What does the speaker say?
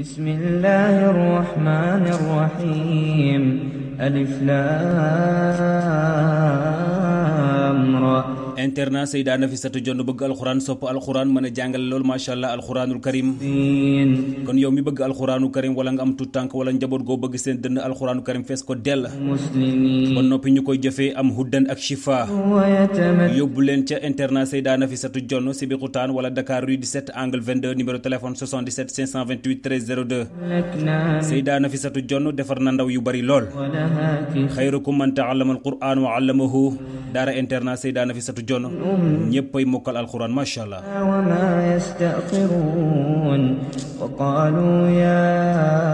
بسم الله الرحمن الرحيم ألف لام را internat Seyda Nafisatu Jonn bëgg alxuraan sopp alxuraan mën a jàngale loolu macha allah alxuraanul karim kon yow mi bëgg alxuraanu karim wala nga am tu tànk wala njaboot goo bëgg seen dënn alxuraanu karim fees ko dell ba noppi ñu koy jëfee am huddan ak shifa yóbbu leen ca internat Seyda Nafisatu Jonn si Birutane wala Dakar rue 17 angle 22 numéro téléphone 77 528 13 Jonn defar na ndaw yu bari lool xayrukum man taallama alquran wa allamahu daara internat Seyda Nafisatu Jonn ñépp mokkal alquran macha وقالوا يا